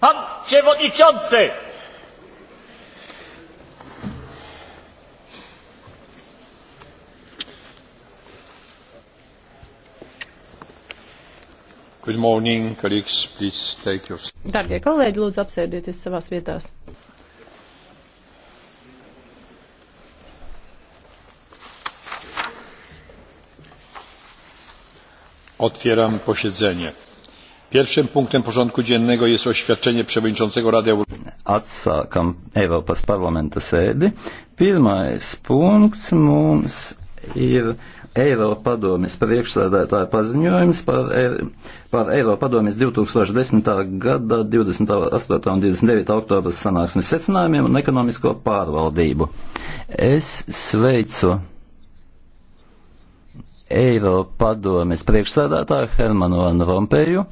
Pan przewodniczący! Good morning, colleagues. Please take your... Darbie kolēģi, lūdzu apsēdieties savās vietās. Otwieram posiedzenie. Pierwszym punktem porządku dziennego jest oświadczenie przewodniczącego Rady Europejskiej. Atsākam Eiropas parlamenta sēdi. Pirmais punkts mums ir Eiropa padomjas priekšsēdētāja paziņojums par, e par Eiropa padomjas 2010. gada 28. un 29. oktobra sanāksmes secinājumiem un ekonomisko pārvaldību. Es sveicu Eiropa padomjas priekšsēdētāju Hermanu Van Rompēju,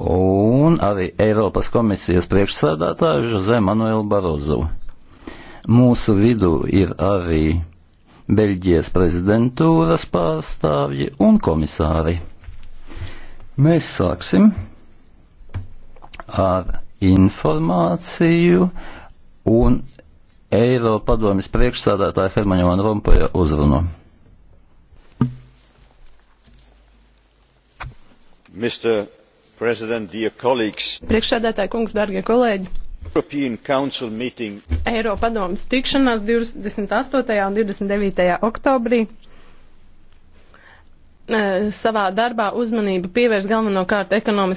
un arī Eiropas komisijas priekšsēdētāju Žozē Manuelu Barozu. Mūsu vidū ir arī Beļģijas prezidentūras pārstāvji un komisāri. Mēs sāksim ar informāciju un Eiropa padomjas priekšsādātāja Hermaņa Van Rompuja uzrunu. Mr. Priekšsēdētāji kungs, darbie kolēģi! Eiropadomas tikšanās 28. un 29. oktobrī eh, savā darbā uzmanību pievērs galvenokārt ekonomiskajai krīzei.